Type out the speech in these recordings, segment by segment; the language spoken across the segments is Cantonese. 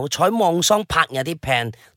喺網上拍有啲平。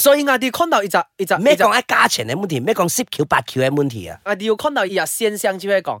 所以我哋看到一個一個，咩講一價錢嘅問題，咩講七橋八橋的問題啊？我哋要看到一個現象就會講。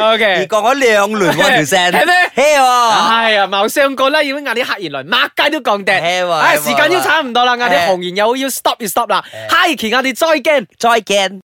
O、okay. K，降咗兩輪喎條聲， 係咩？係 喎、哎，係啊，冇上過啦，要嗌啲客人嚟罵街都降跌，係喎。哎，時間都差唔多啦，嗌啲紅人又要 stop 要 stop 啦，Hi，我哋再見，再見。